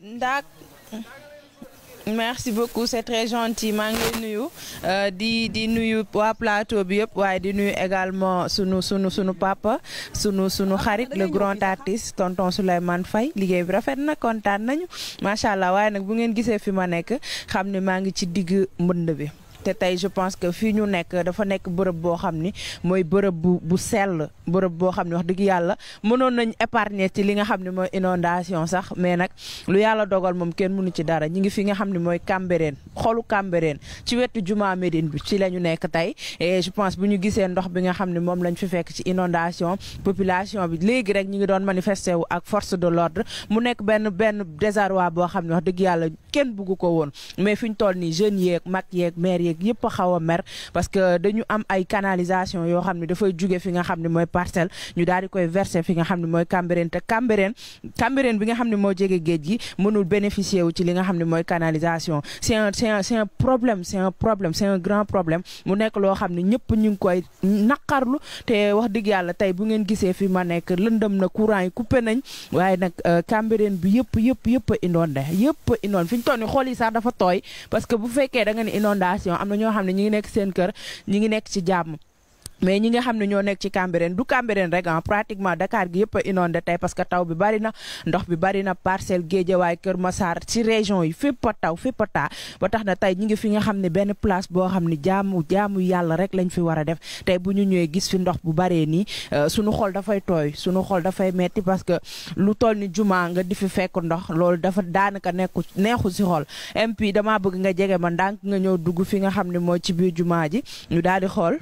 ndaak merci beaucoup c'est très gentil maa ngi lay nuyu euh, di di nuyu waa plateau bi yëpp waaye di nuyu également sunu sunu sunu papa sunu sunu xarit le grand artiste tonton Souleymane Faye liggéey bi rafet na kontaan nañu macha allah waaye nag bu ngeen gisee fi ma nekk xam ne maa ngi ci digg mbënd bi. te tey je pense que fii ñu nekk dafa nekk bërëb boo xam ni mooy bërëb bu bu sell bërëb boo xam ne wax dëgg yàlla mënoon nañ épargner ci li nga xam ne mooy inondation sax mais nag lu yàlla dogal moom kenn mënu ci dara ñi ngi fi nga xam ne mooy Cambérène xolu Cambérène ci wetu Juma Médine bi ci la ñu nekk tey et je pense bu ñu gisee ndox bi nga xam ne moom lañ fi fekk ci inondation population bi léegi rek ñi ngi doon manifester wu ak force de l'ordre mu nekk benn benn désarroi boo xam ne wax dëgg yàlla kenn bugg ko mais fi ñu toll nii jeunes yeeg mag yeeg maire yeeg yëpp xaw a mer parce dañu am ay canalisation yoo xam ne dafay jóge fi nga xam ne mooy parcelle ñu daal di koy verser fi nga xam ne mooy Cambérène te Cambérène bi nga xam ne moo jege géej gi mënul bénéficier wu ci li nga xam ne mooy canalisation c'est un c'est un c'est un problème c'est problème c'est un grand problème mu nekk loo xam ne ñëpp ñu ngi koy naqarlu te wax dëgg yàlla tey bu ngeen gisee fi ma nekk lëndëm na courant yi coupé nañ waaye nag euh, Cambérène bi yëpp yëpp yëpp inondé yëpp inondé fi ñu toll nii dafa tooy parce que bu fekkee da nga ne am na ñoo xam ne ñu ngi nekk seen kër ñu ngi nekk ci jàmm mais ñi nga xam ne ñoo nekk ci Cambérène du Cambérène rek ah pratiquement Dakar gi yëpp a inondé tey parce que taw bi bari na ndox bi bari na parcelle Parcelles waaye Kër Massar ci région yi fépp taw fépp a taa ba tax na tey ñi ngi fi nga xam ne benn place boo xam ne jaamu jaamu yàlla rek lañ fi war a def tey bu ñu ñëwee gis fi ndox bu baree nii euh, suñu xol dafay tooy sunu xol dafay metti parce que lu toll ni juma nga di fi fekk ndox loolu dafa daanaka nekku neexu si xol MP damaa bëgg nga jege ma ndànk nga ñëw dugg fi nga xam ne moo ci biir juma ji ñu daal di xool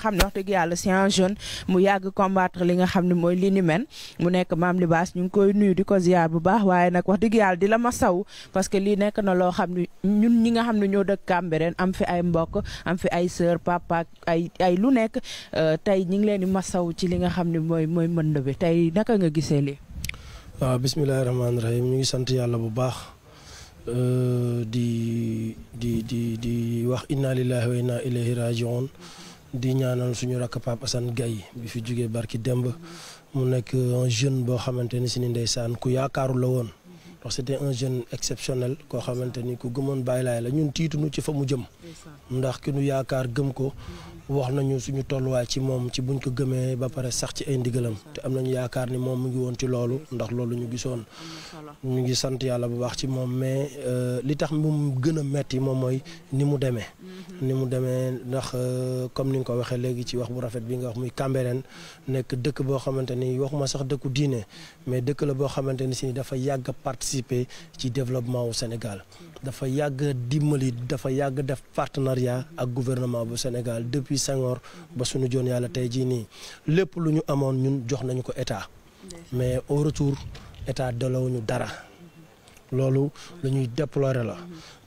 xam ne wax dëgg yàlla c'est un jeune mu yàgg combattre li nga xam ne mooy li ni mu nekk Mame Libasse ñu ngi koy nuyu di ko bu baax waaye nag wax dëgg yàlla di la ma saw parce que lii nekk na loo xam ni ñun ñi nga xam ne ñoo dëkk Cambérène am fi ay mbokk am fi ay sœur papa ay ay lu nekk euh, tey ñi ngi leen di masaw ci li nga xam ne mooy mooy mën bi tey naka nga gisee lii. waaw bisimilah rahmaani rahiim ñu ngi sant yàlla bu baax euh, di di di wax inna lillahi wa inna ilayhi rajiun di ñaanal suñu rakk Pape Assane Gaye bi fi jugee barki Demba mu nekk un jeune boo xamante ni si ni ndeysaan ku yaakaaru la woon ndax c'était un jeune exceptionnel koo xamante ni ku gëmoon bàyyi laay la ñun tiitunu ci fa mu jëm ndax ki nu yaakaar gëm ko wax nañu suñu tolluwaay ci moom ci buñ ko gëmee ba pare sax ci ay ndigalam te am nañu yaakaar ni moom mu ngi woon ci loolu ndax loolu ñu gisoon ñu ngi sant yàlla bu baax ci moom mais euh, li tax mu gën a metti moom mooy ni mu demee mm-hmm. ni mu demee ndax euh, comme ni nga ko waxee léegi ci wax bu rafet bi nga wax muy Cambérène nekk dëkk boo xamante ni waxuma sax dëkku diine mais dëkk la boo xamante ni si dafa yàgg a participer ci développement wu Sénégal dafa yàgg dimbali dafa yàgg def partenariat ak gouvernement bu Sénégal depuis Senghor ba suñu joon yàlla tey jii nii lépp lu ñu amoon ñun jox nañu ko état mais au retour état ñu dara loolu lu ñuy déplorer la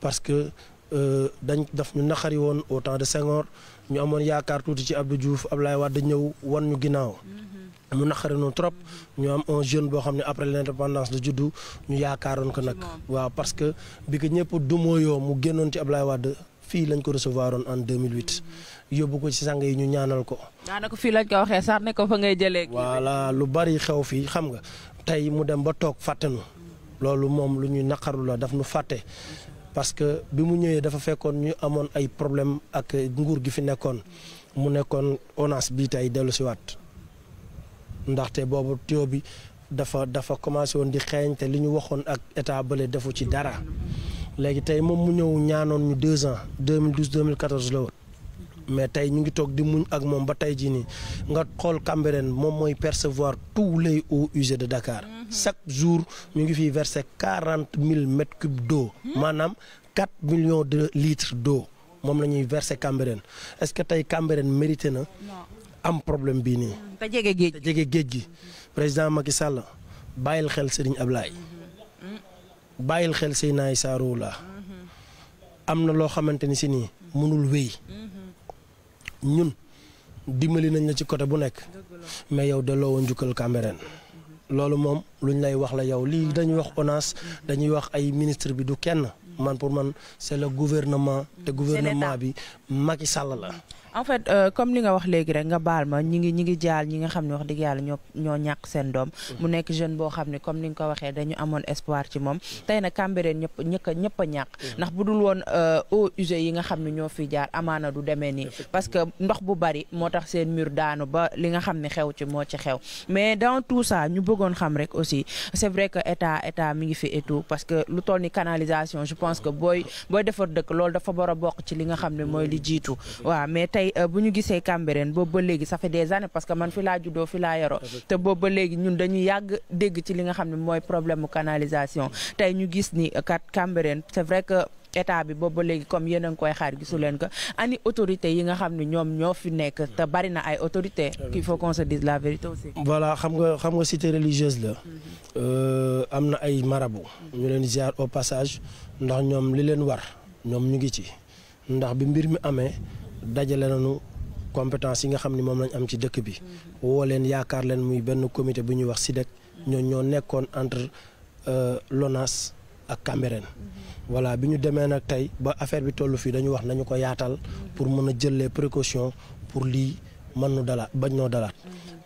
parce que euh, dañ daf ñu naqari woon au temps de Senghor ñu amoon yaakaar tuuti ci ab Abdou Diouf Abdoulaye Wade ñëw wan ñu ginnaaw. Mhm. mu naqari nu trop ñu am un jeune boo xam ne après l'indépendance la juddu ñu yaakaaroon ko nag. waaw parce que bi ko ñëpp yoo mu génnoon ci ab Abdoulaye Wade fii lañ ko recevoir woon en 2008. Mhm. yóbbu ko ci sang yi ñu ñaanal ko. daanaka fii lañ ko waxee sax ne ko fa ngay jëlee. voilà lu bari xew fii xam nga tey mu dem ba toog fàtte nu mhm. loolu moom lu ñuy naqaru la daf nu fàtte parce que bi mu ñëwee dafa fekkoon ñu amoon ay problème ak nguur gi fi nekkoon mu nekkoon ONAS bi tey dellu si ndaxte boobu tuyau bi dafa dafa commencé woon di xeeñ te li ñu waxoon ak état bële defu ci dara léegi tey moom mu ñëw ñaanoon ñu deux ans 2012 2014 la woon mais tey ñu ngi toog di muñ ak moom ba tey jii nii nga xool Cambérène moom mooy percevoir tous les eaux usées de Dakar chaque jour ñu ngi fiy verser quarante mille mètres cubes d'eau maanaam quatre million de litres d'eau moom la ñuy verser Cambérène est que tey Cambérène mérité na am problème bii nii. te jege géej te géej gi président Macky Sall bàyyil xel Serigne Ablaye bàyyil xel Seydina Issa Rouhou Laye mm-hmm. mm-hmm. am na loo xamante ni si nii mënul wéy. Mm-hmm. ñun dimbali nañ la ci côté bu nekk mais yow delloo woon njukkal Cambérène loolu moom lu ñu lay wax la yow lii dañuy wax ONAS dañuy wax ay ministre bi du kenn man pour man c'est le gouvernement te gouvernement bi Macky Sall la. en fait euh, comme li nga wax léegi rek nga baal ma ñi ngi ñi ngi jaal ñi nga xam ne wax dëgg yàlla ñoo ñoo ñàkk seen doom mu nekk jeune boo xam ne comme ni nga ko waxee dañu amoon espoir ci moom tey nag Cambérène ñëpp ñëkk a ñëpp a ñàkk ndax bu dul woon euh, yi nga xam ni ñoo fi jaar amaana du demee ni parce que ndox bu bari moo tax seen mur daanu ba li nga xam ni xew ci moo ci xew mais dans tout ça ñu bëggoon xam rek aussi c'est vrai que état état mi ngi fi et parce que lu toll ni canalisation je pense que booy defar dëkk loolu dafa war a bokk ci li nga xam ne mooy jiitu waaw mais tey euh, bu ñu gisee Cambérène boobu ba léegi ça fait des années parce que man fi laa juddoo fi laa yaroo te boobu ba léegi ñun dañu yàgg dégg ci li nga xam ne mooy problème mu canalisation tey ñu gis ni euh, kat Cambérène c'est vrai que état bi boobu ba léegi comme yéen a ngi koy xaar gisuleen leen ko ani autorité yi nga xam ni ñoom ñoo fi nekk te bari na ay autorité qu'il faut qu'on se dise la vérité aussi. xam nga xam nga cité religieuse la. Euh, am na ay marabo ñu leen ziar au passage ndax ñoom li leen war ñoom ngi ci. ndax bi mbir mi amee dajale nañu compétence yi nga xam ne moom lañ am ci dëkk bi woo leen yaakaar leen muy benn comité bu ñuy wax SIDEC ñoo ñoo nekkoon entre euh, LONAS ak Cambérène voilà bi ñu demee nag tey ba affaire bi tollu fii dañu wax nañu ko yaatal pour mën a jëlee les pour lii mën nu dalaat bañ noo dalaat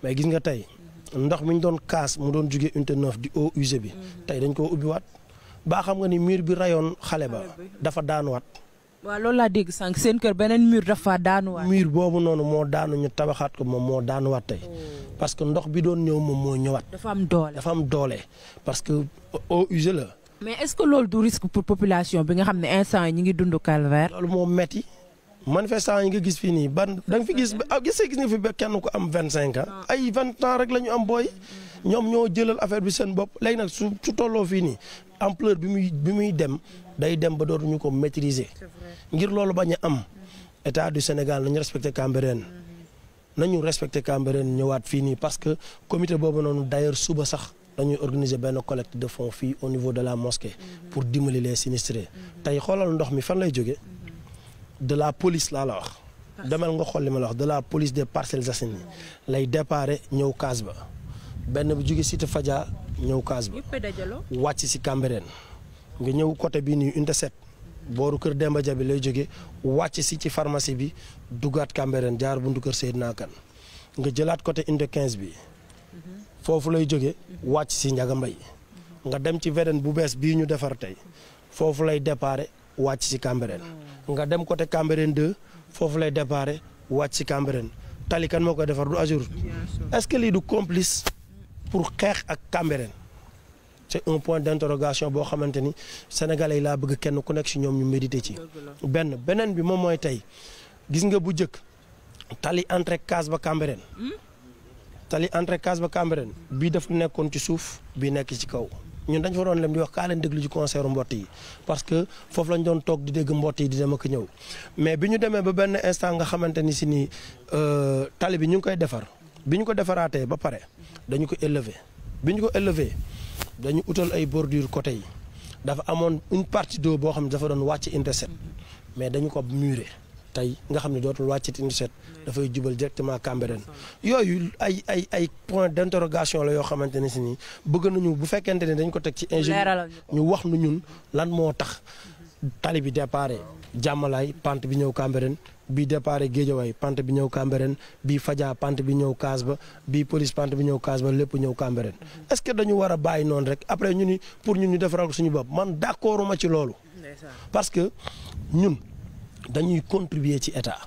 mais gis nga tey ndox mi ñu doon kaas mu doon jugee unité neuf di eau bi tey dañ koo ubbiwaat baa xam nga ni miir bi rayoon xale ba dafa daanuwaat waaw loolu laa dégg sànq seen kër beneen mur dafa daanuwaat. mur boobu noonu moo daanu ñu tabaxaat ko moom moo daanuwaat tey. Oh. parce que ndox bi doon ñëw moom moo ñëwaat. dafa am doole dafa am doole parce que eau usée la. mais est-ce que loolu du risque pour population bi nga xam ne instant yi ñu ngi dund calvaire. loolu moo metti manifestant ñi nga gis fii nii ban da fi gis ah gis gis nga fi ba kenn ku am vingt cinq ans. Ah. vingt ans rek la ñu am booy. Mm-hmm. ñoom ñoo jëlal affaire bi seen bopp léegi nag su su tolloo fii nii ampleur bi muy bi muy dem day dem ba dootuñu ko maîtriser ngir loolu bañ a am état du Sénégal nañu respecté Cambérène mm-hmm. nañu respecté Cambérène ñëwaat fii nii parce que comité boobu noonu d'ailleurs suba sax dañuy organiser benn collecte de fonds fii au niveau de la mosquée mm-hmm. pour dimbali les sinistrés mm-hmm. tey xoolal ndox mi fan lay jóge de la police laa la wax demal nga xool li ma la wax de la police des Parcelles Assainies lay déparé ñëw Casba benn bu jóge Cité Fadia ñëw kaas ba wàcc si Cambérène nga ñëw côté bii nii unité 7 booru kër Demba bi lay jóge wàcc si ci pharmacie bi duggaat Cambérène jaar buntu kër Seydina Kane nga jëlaat côté unité 15 bi foofu lay jóge wàcc si Ndiaga Mbaye nga dem ci VDN bu bees bii ñu defar tey foofu lay déparé wàcc si Cambérène nga dem côté Cambérène 2 foofu lay déparé wàcc ci Cambérène tali kan moo koy defar du Ageroute est-ce du complice pour xeex ak Cambérène c'est un point d'interrogation boo xamante ni sénégalais yi laa bëgg kenn ku nekk si ñoom ñu médité ci. benn beneen bi moom mooy tey gis nga bu njëkk tali entre Case ba Cambérène. Hmm? tali entre ba Cambérène. bii daf nekkoon ci suuf bi nekk ci kaw. ñun dañ fa doon lem di wax kaa leen déglu ci concert mbott yi parce que foofu lañ doon toog di dégg mbott yi di dem ak ñëw mais bi ñu demee ba benn instant nga xamante ni si ni euh, tali bi ñu ngi koy defar. bi ñu ko defaraatee ba pare dañu ko élever bi ñu ko élever dañu utal ay bordure côté yi dafa amoon un partie d'eau boo xam ne dafa doon wàcc interset mais dañu ko murer tey nga xam ne dootul wàccati interset dafay jubal directement Cambérène yooyu ay ay ay point d'interrogation la yoo xamante ne si nii bëgg nañu bu fekkente ne dañ ko teg ci ingénieur ñu wax nu ñun lan moo tax tali bi déparé jàmmalaay pant bi ñëw Cambérène bii déparé Géejawaay pant bi ñëw Cambérène bi fajaa pant bi ñëw kaas ba bii police pant bi ñëw kaas ba lépp ñëw Cambérène est-ce que dañu war a bàyyi noonu rek après ñu ni pour ñun ñu def ko suñu bopp man d'accord ma ci loolu. parce que ñun dañuy contribuer ci état.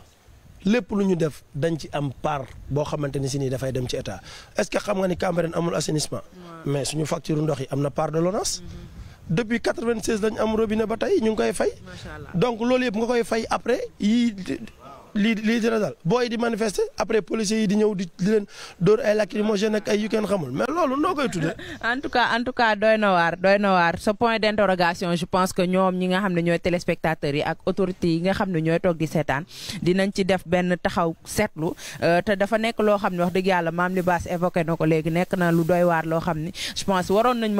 lépp lu ñu def dañ ci am part boo xamante ni si nii dafay dem ci état est-ce que xam nga ni Cambérène amul assainissement. mais suñu facture ndox yi am na part de l'ONAS. Mm-hmm. depuis 96 lañ am robine ba tey ñu ngi koy fay. donc loolu yëpp nga koy fay après yii lii lii dina daal booy di manifester après policiers yi di ñëw di leen dóor ay lacrymogène ak ay yu kenn xamul mais loolu noo koy tuddee. en tout cas en tout cas doy na waar doy na waar ce point d'interrogation je pense que ñoom ñi nga xam ne ñooy téléspectateurs yi ak autorités yi nga xam ne ñooy toog di seetaan dinañ ci def benn taxaw seetlu euh, te dafa nekk loo xam ne wax dëgg yàlla maam li baas évoqué na ko léegi nekk na lu doy waar loo xam ne je pense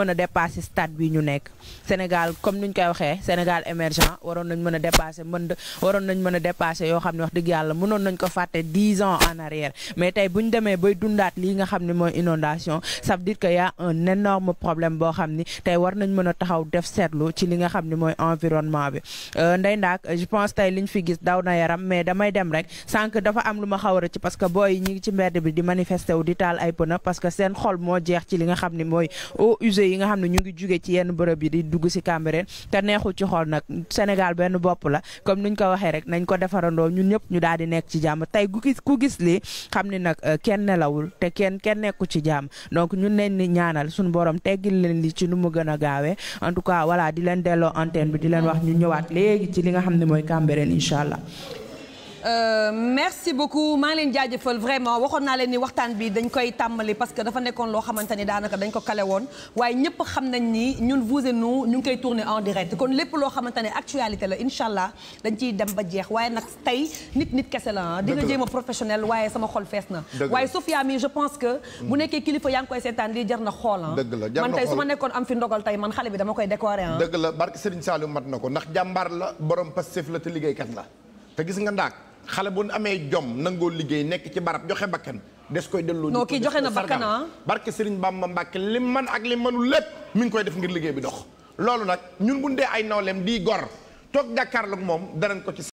a dépasser stade bi ñu nekk Sénégal comme ni ñu koy waxee Sénégal émergent waroon nañ mën a dépasser mën waroon a dépasser yoo xam ne wax dëgg dëgg yàlla mënoon nañ ko fàtte dix ans en arrière mais tey bu demee bay dundaat lii nga xam ne mooy inondation ça veut dire que y a un problème boo xam ni tey war nañ mën a taxaw def seetlu ci li nga xam ne mooy environnement bi euh, Ndeye Ndack je pense tey liñ fi gis daw na yaram mais damay dem rek sànq dafa am lu ma xaw a ci parce que booy ñi ngi ci mbedd bi di manifester wu di taal ay pneu parce que seen xol moo jeex li nga xam ne mooy eaux usées yi nga xam ne ñu ngi jugee ci yenn bërëb yi di dugg si Cambérène te neexul ci xol nag Sénégal benn bopp la comme ñu ko waxee rek nañ ko defarandoo ñun ñëpp ñu daal di nekk ci jàmm tey ku gis ku gis li xam ni nag euh, kenn nelawul te kenn kenn nekku ci jàmm donc ñun leen ni ñaanal suñu borom teggil leen li ci nu mu gën a gaawee en tout cas voilà di leen delloo antenne bi di leen wax ñu ñëwaat léegi ci li nga xam ne mooy Cambérène incha allah. Euh, merci beaucoup maa ngi leen jaajëfal vraiment waxoon naa leen ni waxtaan bi dañ koy tàmbali parce que dafa nekkoon loo xamante ni daanaka dañ ko kale woon waaye ñëpp xam nañ ni ñun vous et ñu ngi koy tourner en direct kon lépp loo xamante ne actualité la incha allah dañ ciy dem ba jeex waaye nag tey nit nit kese la ah. di nga professionnel waaye sama xol fees na waaye Sofia mi je pense que bu mm. nekkee kilifa yaa ngi koy seetaan lii jar na xool ah man tey su ma am fi ndogal tey man xale bi dama koy décorer ah dëgg la barke Serigne Saliou mat na ko ndax jàmbaar la borom Pastef la te liggéeykat la gis nga ndaak xale bu amee jom nangoo liggéey nekk ci barab joxe bakkan des koy delloo. non kii joxe na bakkan ah barke Serigne Bamba Mbàkke li man ak li mënul lépp mi ngi koy def ngir liggéey bi dox. loolu nag ñun bu ñu dee ay nawleem di gor toog jàkkaarloog moom danañ ko ci